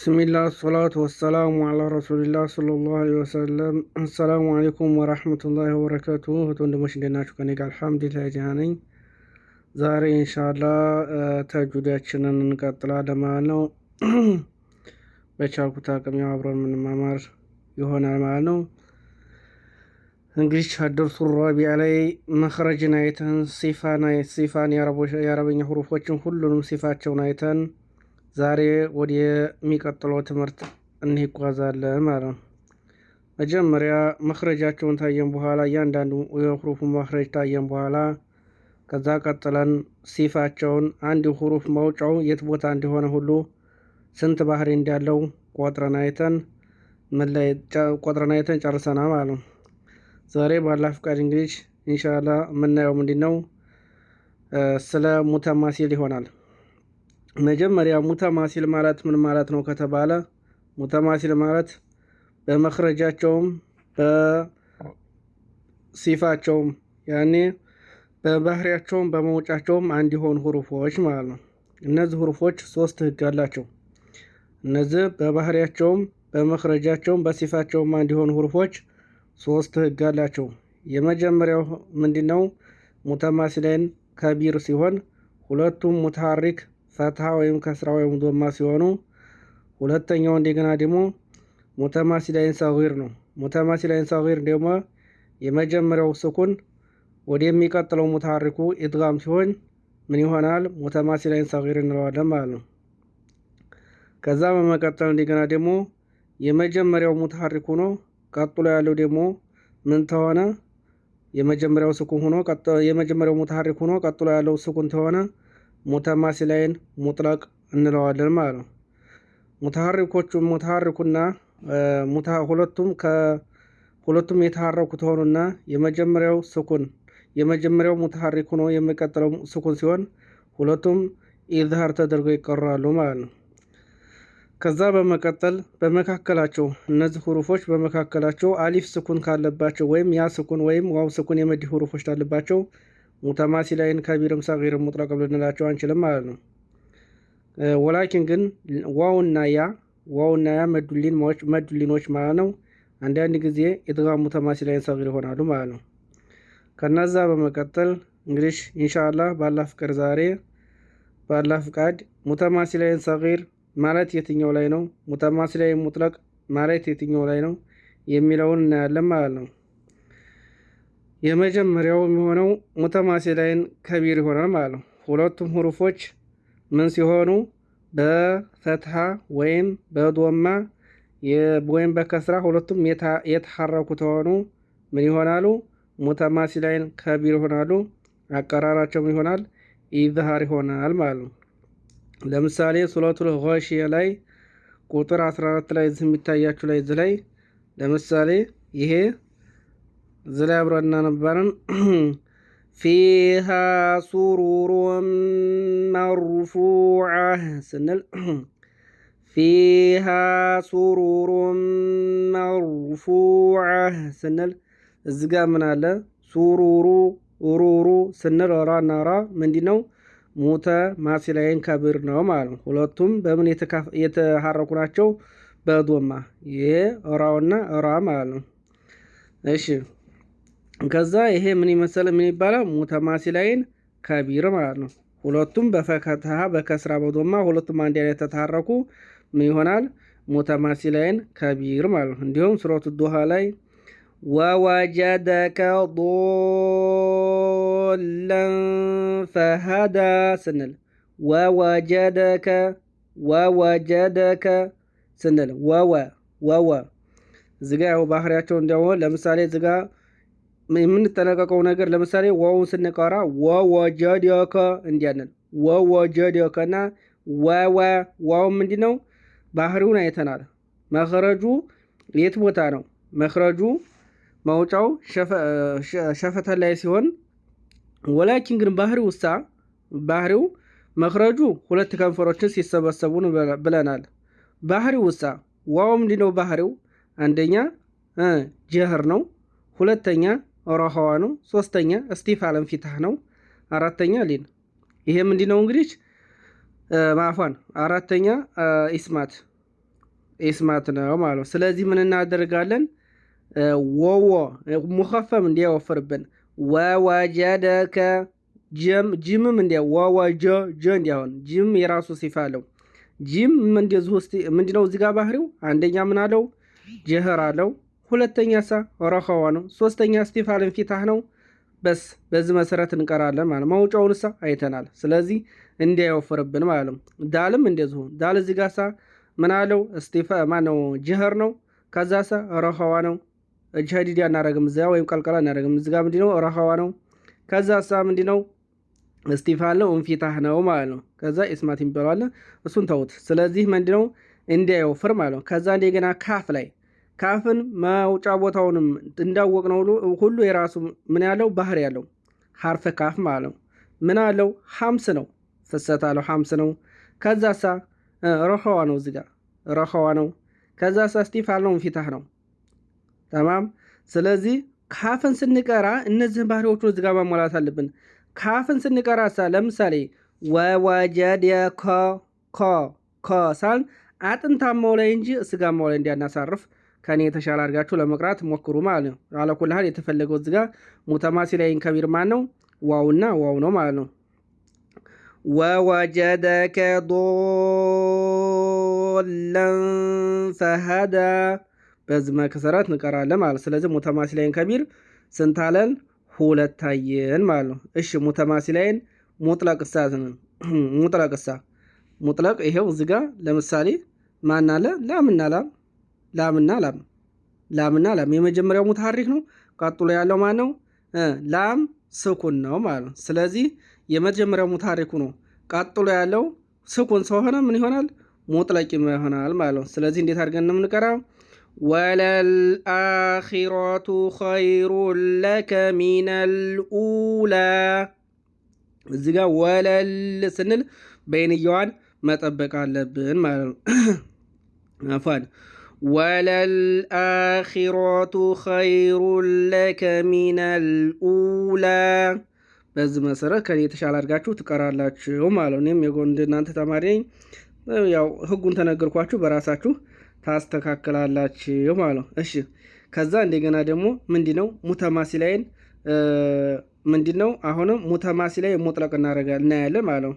ስሚላ ሰላቱ ወሰላሙ አላ ረሱሊላ ሰለላሁ ዐለይሂ ወሰለም። አሰላሙ አለይኩም ወራህመቱላሂ ወበረካቱ። እህት ወንድሞች እንዴት ናችሁ? ከኔ ጋር አልሐምዱሊላህ ደህና ነኝ። ዛሬ እንሻላ ተጁዳችንን እንቀጥላለን ማለት ነው። በቻልኩት አቅም ያው አብረን የምንማማር ይሆናል ማለት ነው። እንግዲህ አደርሱ ራቢያ ላይ መክረጅን አይተን ሲፋን የአረበኛ ሁሩፎችን ሁሉንም ሲፋቸውን አይተን ዛሬ ወደሚቀጥለው ትምህርት እንጓዛለን ማለት ነው። መጀመሪያ መክረጃቸውን ታየን በኋላ እያንዳንዱ የሁሩፍ መክረጅ ታየን በኋላ ከዛ ቀጥለን ሲፋቸውን አንድ ሁሩፍ መውጫው የት ቦታ እንደሆነ ሁሉ ስንት ባህሪ እንዳለው ቆጥረን አይተን ቆጥረን አይተን ማለት ነው። ዛሬ ባላ ፍቃድ እንግዲህ ኢንሻላህ የምናየው ምንድን ነው? ስለ ሙተማሲል ይሆናል። መጀመሪያ ማሲል ማለት ምን ማለት ነው ከተባለ ሙተማሲል ማለት በመክረጃቸውም በሲፋቸውም ያኔ በባህሪያቸውም በመውጫቸውም አንድ የሆኑ ሁሩፎች ማለት ነው። እነዚህ ሁሩፎች ሶስት ህግ አላቸው። እነዚህ በባህሪያቸውም በመክረጃቸውም በሲፋቸውም አንድ የሆኑ ሁሩፎች ሶስት ህግ አላቸው። የመጀመሪያው ምንድነው? ሙተማሲላይን ከቢር ሲሆን ሁለቱም ሙታሪክ ፈትሃ ወይም ከስራ ወይም ዶማ ሲሆኑ ሁለተኛው እንደገና ደግሞ ሙተማሲላይን ሰጊር ነው። ሙተማሲላይን ሰጊር ደግሞ የመጀመሪያው ስኩን ወደሚቀጥለው ሙታሪኩ ኢድጋም ሲሆን ምን ይሆናል? ሙተማሲላይን ሰጊር እንለዋለን ማለት ነው። ከዛ በመቀጠል እንደገና ደግሞ የመጀመሪያው ሙታሪክ ሆኖ ቀጥሎ ያለው ደግሞ ምን ተሆነ? የመጀመሪያው ስኩን ሆኖ የመጀመሪያው ሙታሪክ ሆኖ ቀጥሎ ያለው ስኩን ተሆነ ሙተማሲላይን ሙጥለቅ እንለዋለን ማለት ነው። ሙተሐሪኮቹ ሙተሐሪኩና ሁለቱም ከሁለቱም የተሐረኩት ሆኑና የመጀመሪያው ስኩን የመጀመሪያው ሙተሐሪክ ነው። የሚቀጥለው ስኩን ሲሆን ሁለቱም ኢዝሃር ተደርገው ይቀራሉ ማለት ነው። ከዛ በመቀጠል በመካከላቸው እነዚህ ሁሩፎች በመካከላቸው አሊፍ ስኩን ካለባቸው ወይም ያ ስኩን ወይም ዋው ስኩን የመዲ ሁሩፎች ካለባቸው ሙተማሲላይን ከቢርም ሰጊርም ሙጥለቅም ልንላቸው አንችልም ማለት ነው። ወላኪን ግን ዋውና ያ ዋውና ያ መዱሊኖች ማለት ነው። አንዳንድ ጊዜ ኢድጋ ሙተማሲላይን ሰጊር ይሆናሉ ማለት ነው። ከነዛ በመቀጠል እንግዲህ እንሻላ ባላ ፍቅር ዛሬ ባላ ፍቃድ ሙተማሲላይን ሰጊር ማለት የትኛው ላይ ነው፣ ሙተማሲላይን ሙጥለቅ ማለት የትኛው ላይ ነው የሚለውን እናያለን ማለት ነው። የመጀመሪያው የሚሆነው ሙተማሲላይን ከቢር ይሆናል ማለት ነው። ሁለቱም ሁሩፎች ምን ሲሆኑ በፈትሃ ወይም በዶማ ወይም በከስራ ሁለቱም የተሐረኩ ተሆኑ ምን ይሆናሉ? ሙተማሲላይን ከቢር ይሆናሉ። አቀራራቸው ምን ይሆናል? ኢዝሃር ይሆናል ማለት ነው። ለምሳሌ ሱረቱል ጋሺያ ላይ ቁጥር 14 ላይ የሚታያችሁ ላይ እዚህ ላይ ለምሳሌ ይሄ እዚ ላይ አብረን እናነባንን ፊሃ ሱሩሩ መርፉዓ ስንል ፊሃ ሱሩሩ መርፉዓ ስንል እዚ ጋ ምን አለ? ሱሩሩ ሩሩ ስንል ራ ራ ምንድ ነው ሙተ ማሲላይን ከብር ነው ማለት ነው። ሁለቱም በምን የተሐረኩ ናቸው? በዶማ ይሄ ራውና ራ ማለት ነው። እሺ ከዛ ይሄ ምን ይመሰለ ምን ይባላል? ሙተማሲ ላይን ከቢር ማለት ነው። ሁለቱም በፈከትሃ በከስራ በዶማ ሁለቱም አንድ ላይ ተታረኩ ምን ይሆናል? ሙተማሲ ላይን ከቢር ማለት ነው። እንዲሁም ሱረቱ ዱሃ ላይ ወወጀደከ ዶለን ፈሃዳ ስንል ወወጀደከ ወወጀደከ ስንል ወወ ወወ እዚጋ ያው ባህሪያቸው እንዲያሆን ለምሳሌ እዚጋ የምንጠነቀቀው ነገር ለምሳሌ ዋውን ስንቀራ ወወጀዲከ እንዲያለን ወወጀዲከ እና ወወ ዋው እንዲ ነው ባህሪውን አይተናል። መክረጁ የት ቦታ ነው? መክረጁ ማውጫው ሸፈተ ላይ ሲሆን ወላኪን ግን ባህሪ ውሳ ባህሪው መክረጁ ሁለት ከንፈሮችን ሲሰበሰቡ ብለናል። ባህሪ ውሳ እንዲ ነው። ባህሪው? አንደኛ ጀህር ነው። ሁለተኛ ኦራሃዋ ነው። ሶስተኛ ስቲፍ አለም ፊታህ ነው። አራተኛ ሊን ይሄ ምንድ ነው እንግዲህ ማፏን አራተኛ ኢስማት ኢስማት ነው ማለት ነው። ስለዚህ ምን እናደርጋለን? ወዎ ሙኸፈም ወፍርብን ወወጀደከ ጀም እንዲ ወወጀ ጀ እንዲያሆን ጅም የራሱ ሲፋ አለው። ጅም ምንድነው እዚህ ባህሪው? አንደኛ ምን አለው ጀህር አለው ሁለተኛ ሳ ረኸዋ ነው። ሶስተኛ ስቲፋልን ፊታህ ነው። በስ በዚህ መሰረት እንቀራለን ማለት ማውጫውን ሳ አይተናል። ስለዚህ እንዲያወፍርብን ማለት ነው። ዳልም እንደዚሁ ዳል እዚህ ጋር ሳ ምን አለው ማነው ጅህር ነው። ከዛ ሳ ረኸዋ ነው። ጅህዲድ እናደረግም እዚያ ወይም ቀልቀላ እናደረግም እዚጋ ምንድ ነው ረኸዋ ነው። ከዛ ሳ ምንድ ነው ስቲፋል እንፊታህ ነው ማለት ነው። ከዛ ኢስማት የሚባለዋለ እሱን ተውት። ስለዚህ ምንድ ነው እንዲያወፍር ማለት ነው። ከዛ እንደገና ካፍ ላይ ከአፍን መውጫ ቦታውንም እንዳወቅ ነው ሁሉ የራሱ ምን ያለው ባህር ያለው ሀርፈ ካፍ ማለት ነው። ምን አለው ሀምስ ነው ፍሰት አለው ሀምስ ነው። ከዛ ሳ ረኸዋ ነው እዚጋ ረኸዋ ነው። ከዛ ሳ ስቲፍ አለው ፊታህ ነው ተማም። ስለዚህ ካፍን ስንቀራ እነዚህን ባህሪዎቹን እዚጋ ማሟላት አለብን። ካፍን ስንቀራ ሳ ለምሳሌ ወወጀድ የኮ ኮ ኮ ሳል አጥንታማው ላይ እንጂ ስጋማው ላይ እንዲያናሳርፍ ከኔ የተሻለ አድርጋችሁ ለመቅራት ሞክሩ ማለት ነው። አለኩልሃል የተፈለገው እዚጋ ሙተማሲላይን ከቢር ማን ነው? ዋውና ዋው ነው ማለት ነው። ወወጀደከ ዶለን ፈሃዳ በዚህ መሰረት እንቀራለን ማለት ስለዚህ ሙተማሲላይን ከቢር ስንታለን? ሁለታየን ማለት ነው። እሺ ሙተማሲላይን ሙጥለቅሳ ሙጥለቅሳ ሙጥለቅ ሙጥለቅ ይሄው እዚጋ ለምሳሌ ማናለ ላምናላም ላምና ላም ላምና ላም የመጀመሪያው ሙትሐሪክ ነው። ቀጥሎ ያለው ማን ነው? ላም ስኩን ነው ማለት ነው። ስለዚህ የመጀመሪያው ሙትሐሪኩ ነው። ቀጥሎ ያለው ስኩን ስለሆነ ምን ይሆናል? ሙጥለቅ ይሆናል ማለት ነው። ስለዚህ እንዴት አድርገን ነው የምንቀራው? ወለልአኺራቱ ኸይሩን ለከ ሚነል ኡላ። እዚህ ጋር ወለል ስንል በይንየዋን መጠበቅ አለብን ማለት ነው። አፏን ወለልአኺራቱ ኸይሩን ለከ ሚነል ኡላ። በዚህ መሰረት ከኔ የተሻለ አድጋችሁ ትቀራላችሁ ማለት ነው። እኔም የጎንድ እናንተ ተማሪ ነኝ። ያው ህጉን ተነግርኳችሁ በራሳችሁ ታስተካክላላችሁ ማለት ነው። እሺ ከዛ እንደገና ደግሞ ምንድ ነው ሙተማሲላይን ምንድ ነው አሁንም ሙተማሲላይ ሙጥለቅ እናደርጋለን እናያለን ማለት ነው።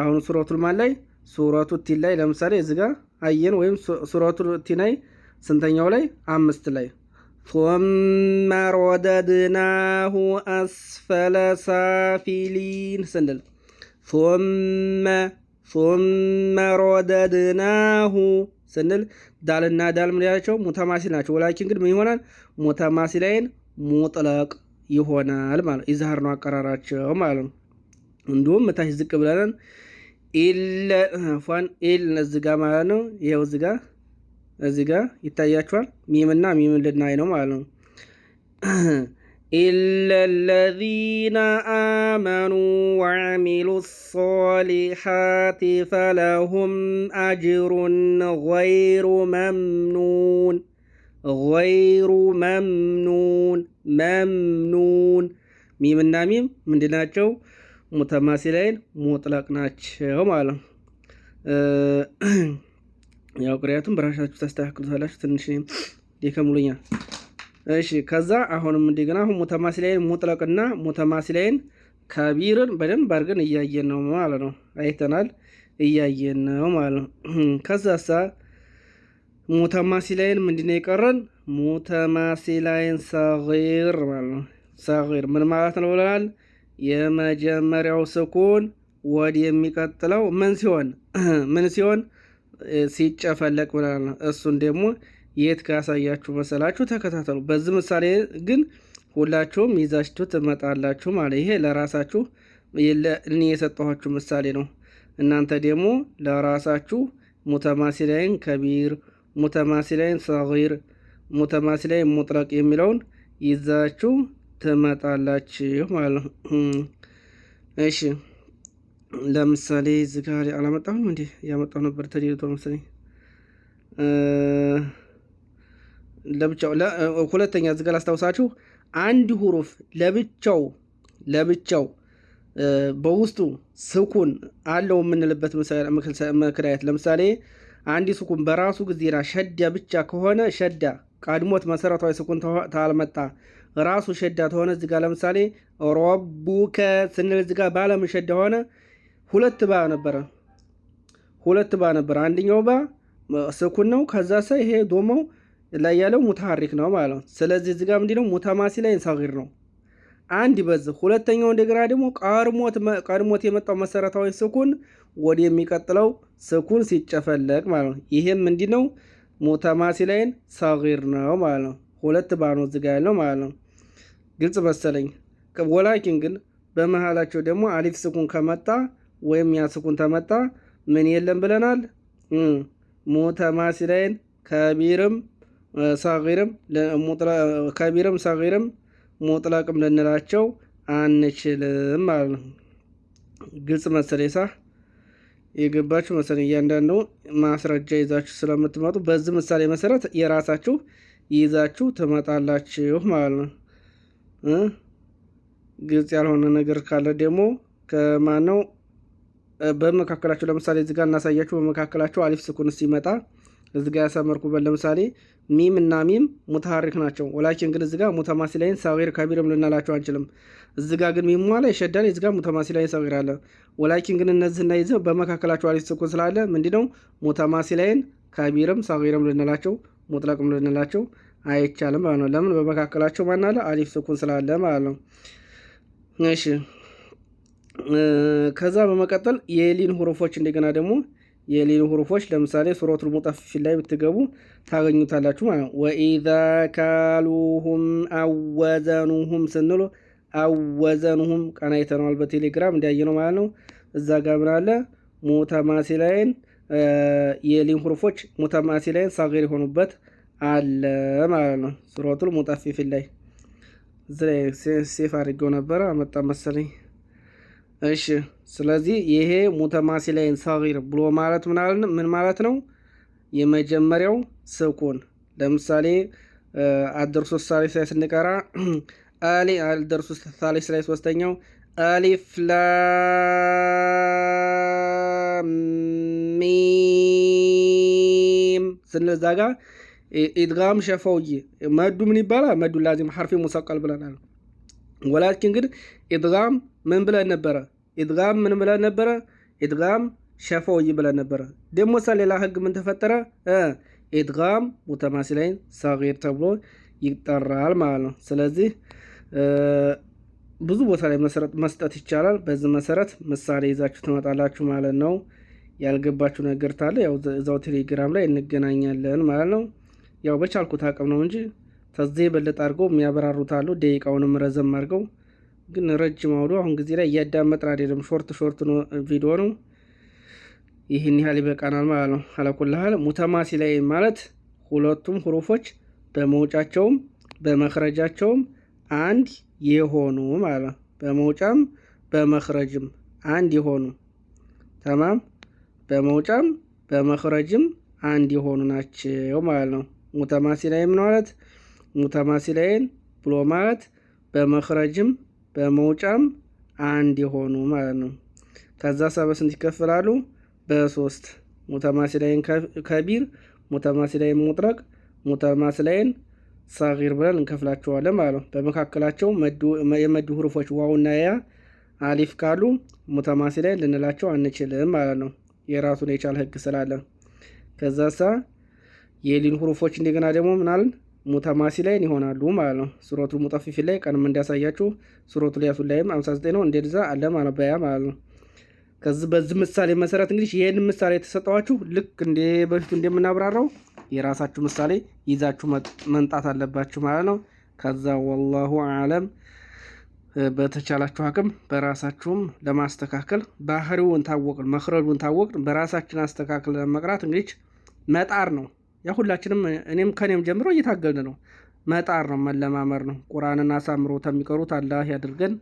አሁን ሱረቱል ማን ላይ ሱረቱ ቲን ላይ ለምሳሌ እዚ ጋ አየን። ወይም ሱረቱ ቲን ላይ ስንተኛው ላይ አምስት ላይ ثم ረደድናሁ አስፈለ ሳፊሊን ስንል ثم ثم ረደድናሁ ስንል ዳልና ዳል ምን ያላቸው ሙተማሲል ናቸው። ወላኪን ግን ምን ይሆናል? ሙተማሲላይን ሙጥለቅ ይሆናል ማለት ይዛህር ነው አቀራራቸው ማለት ነው። እንዲሁም ታች ዝቅ ብለንን إل فان إل نزجا ما يوزجا نزجا يتأجتر ميمنا ميمن لدناه ما مالو إلا الذين آمنوا وعملوا الصالحات فلهم أجر غير ممنون غير ممنون ممنون ميم النميم من دناجو ሙተማሲላይን ሙጥለቅ ናቸው ማለት ነው። ያው ቅሪያቱም በራሳችሁ ተስተካክሉታላችሁ ትንሽ ደከምሉኛል። እሺ ከዛ አሁንም እንደገና አሁን ሙተማሲላይን ሙጥለቅና ሙተማሲላይን ከቢርን በደንብ አድርገን እያየን ነው ማለት ነው። አይተናል፣ እያየን ነው ማለት ነው። ሳ ሙተማሲላይን ምንድን ነው የቀረን? ሙተማሲላይን ሰር ማለት ነው። ሰር ምን ማለት ነው ብለናል? የመጀመሪያው ስኩን ወድ የሚቀጥለው ምን ሲሆን ምን ሲሆን ሲጨፈለቅ ምናል ነው። እሱን ደግሞ የት ካሳያችሁ መሰላችሁ? ተከታተሉ። በዚህ ምሳሌ ግን ሁላችሁም ይዛችሁ ትመጣላችሁ ማለት ይሄ ለራሳችሁ እኔ የሰጠኋችሁ ምሳሌ ነው። እናንተ ደግሞ ለራሳችሁ ሙተማሲላይን ከቢር፣ ሙተማሲላይን ሰር ሙተማሲላይን ሙጥረቅ የሚለውን ይዛችሁ ትመጣላችሁ ማለት ነው። እሺ ለምሳሌ እዚህ ጋር አላመጣሁም እንዴ? ያመጣሁ ነበር ተደልቶ መሰለኝ። ለብቻው ሁለተኛ እዚህ ጋር ላስታውሳችሁ፣ አንድ ሁሩፍ ለብቻው ለብቻው በውስጡ ስኩን አለው የምንልበት ምክንያት ለምሳሌ አንድ ስኩን በራሱ ጊዜና ሸዳ ብቻ ከሆነ ሸዳ ቀድሞት መሰረታዊ ስኩን ታልመጣ ራሱ ሸዳ ተሆነ እዚጋ ለምሳሌ ረቡከ ስንል እዚጋ ባለም ሸዳ ሆነ። ሁለት ባ ነበረ ሁለት ባ ነበረ። አንደኛው ባ ስኩን ነው። ከዛ ሰ ይሄ ዶመው ላይ ያለው ሙታሐሪክ ነው ማለት ነው። ስለዚህ እዚጋ ምንድነው ሙተማሲ ላይ እንሳር ነው አንድ በዝ ሁለተኛው እንደገና ደግሞ ቀድሞት የመጣው መሰረታዊ ስኩን ወደ የሚቀጥለው ስኩን ሲጨፈለቅ ማለት ነው። ይሄም ምንድነው ሙተማሲ ላይን ሰጊር ነው ማለት ነው። ሁለት ባኖ ዝጋ ያለው ማለት ነው። ግልጽ መሰለኝ። ወላኪን ግን በመሃላቸው ደግሞ አሊፍ ስኩን ከመጣ ወይም ያ ስኩን ተመጣ ምን የለም ብለናል። ሞተ ማሲላይን ከቢርም ሳጊርም ከቢርም ሳጊርም ሙጥለቅም ልንላቸው አንችልም ማለት ነው። ግልጽ መሰለኝ። ሳ የገባችሁ መሰለኝ። እያንዳንዱ ማስረጃ ይዛችሁ ስለምትመጡ በዚህ ምሳሌ መሰረት የራሳችሁ ይዛችሁ ትመጣላችሁ ማለት ነው። ግልጽ ያልሆነ ነገር ካለ ደግሞ ከማነው በመካከላቸው ለምሳሌ እዚ ጋር እናሳያቸው በመካከላቸው አሊፍ ስኩን ሲመጣ እዚ እዚጋ ያሰመርኩበት ለምሳሌ ሚም እና ሚም ሙተሐሪክ ናቸው። ወላኪን ግን እዚ ጋር ሙተማሲ ላይን ሳዊር ከቢርም ልናላቸው አንችልም። እዚ ጋር ግን ሚሙ ላይ ይሸዳል፣ ሙተማሲ ላይን ሳዊር አለ። ወላኪን ግን እነዚህ እና ይዘው በመካከላቸው አሊፍ ስኩን ስላለ ምንድነው ሙተማሲ ላይን ከቢርም ሳዊርም ልንላቸው ሙጥለቅም ልንላቸው አይቻልም ማለት ነው። ለምን በመካከላቸው ማን አለ? አሊፍ ስኩን ስላለ ማለት ነው። እሺ ከዛ በመቀጠል የሊን ሁሩፎች እንደገና ደግሞ የሊን ሁሩፎች ለምሳሌ ሱረቱል ሙጠፊፊን ላይ ብትገቡ ታገኙታላችሁ ማለት ነው። ወኢዛ ካሉሁም አወዘኑሁም ስንሉ አወዘኑሁም ቀና አይተነዋል በቴሌግራም እንዲያየ ነው ማለት ነው። እዛ ጋር ምን አለ? ሙተማሲላይን የሊን ሁሩፎች ሙተማሲላይን ሳገር የሆኑበት አለ ማለት ነው። ሱረቱል ሙጠፊፊን ላይ እዚ ላይ ሴፍ አድርገው ነበረ አመጣ መሰለኝ። እሺ ስለዚህ ይሄ ሙተማሲ ሙተማሲላይን ሰጊር ብሎ ማለት ምን ማለት ነው? የመጀመሪያው ስኩን ለምሳሌ አደርሶ ሳሌስ ላይ ስንቀራ አሊ አደርሱ ሳሌስ ላይ ሶስተኛው አሊፍ ላሚም ስንል እዛ ጋር ኢድጋም ሸፈውይ መዱ ምን ይባላል? መዱ ላዚም ሐርፊ ሙሰቀል ብለናል። ወላኪን ግን ኢድጋም ምን ብለን ነበረ? ኢድጋም ምን ብለን ነበረ? ኢድጋም ሸፈውይ ብለን ነበረ። ደሞሳ ሌላ ህግ ምን ተፈጠረ? ኢድጋም ሙተማሲላይን ሰጊር ተብሎ ይጠራል ማለት ነው። ስለዚህ ብዙ ቦታ ላይ መስጠት ይቻላል። በዚህ መሰረት ምሳሌ ይዛችሁ ትመጣላችሁ ማለት ነው። ያልገባችሁ ነገር ታለ ያው እዛው ቴሌግራም ላይ እንገናኛለን ማለት ነው። ያው በቻልኩት አቅም ነው እንጂ ከዚህ የበለጠ አድርገው የሚያበራሩት አሉ። ደቂቃውንም ረዘም አድርገው ግን ረጅም አውዶ አሁን ጊዜ ላይ እያዳመጥን አይደለም። ሾርት ሾርት ቪዲዮ ነው። ይህን ያህል ይበቃናል ማለት ነው። አለኩላህል ሙተማሲ ላይ ማለት ሁለቱም ሁሩፎች በመውጫቸውም በመክረጃቸውም አንድ የሆኑ ማለት ነው። በመውጫም በመክረጅም አንድ የሆኑ ተማም፣ በመውጫም በመክረጅም አንድ የሆኑ ናቸው ማለት ነው። ሙተማሲላይን ማለት ሙተማሲላይን ብሎ ማለት በመክረጅም በመውጫም አንድ የሆኑ ማለት ነው። ከዛ ሰበስንት ይከፍላሉ በሶስት ሙተማሲላይን ከቢር፣ ሙተማሲላይን ሙጥረቅ፣ ሙተማሲላይን ሰጊር ብለን እንከፍላቸዋለን ማለት ነው። በመካከላቸው የመድ ሁርፎች ዋውና ያ አሊፍ ካሉ ሙተማሲላይን ልንላቸው አንችልም ማለት ነው። የራሱን የቻለ ህግ ስላለ ከዛሳ የሊን ሁሩፎች እንደገና ደግሞ ምናልን ሙተማሲ ላይን ይሆናሉ ማለት ነው። ሱረቱ ሙጠፊፊ ላይ ቀንም እንዳሳያችሁ ሱረቱ ሊያሱ ላይም 59 ነው እንደዛ አለ ማነበያ ማለት ነው። ከዚህ በዚህ ምሳሌ መሰረት እንግዲህ ይህን ምሳሌ የተሰጠዋችሁ ልክ እንደ በፊቱ እንደምናብራራው የራሳችሁ ምሳሌ ይዛችሁ መምጣት አለባችሁ ማለት ነው። ከዛ ወላሁ አለም በተቻላችሁ አቅም በራሳችሁም ለማስተካከል ባህሪውን ታወቅን መክረዱን ታወቅን በራሳችን አስተካከል ለመቅራት እንግዲህ መጣር ነው። ያ ሁላችንም እኔም ከኔም ጀምሮ እየታገልን ነው። መጣር ነው፣ መለማመር ነው። ቁርአንን አሳምሮ ተሚቀሩት አላህ ያድርገን።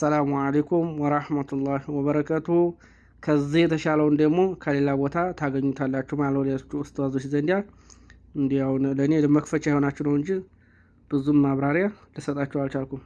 ሰላሙ አሌይኩም ወራህመቱላህ ወበረከቱ። ከዚህ የተሻለውን ደግሞ ከሌላ ቦታ ታገኙታላችሁ ማለት ወዲያችሁ ኡስታዞች ዘንዲያ እንዲያውን ለእኔ መክፈቻ የሆናችሁ ነው እንጂ ብዙም ማብራሪያ ልሰጣችሁ አልቻልኩም።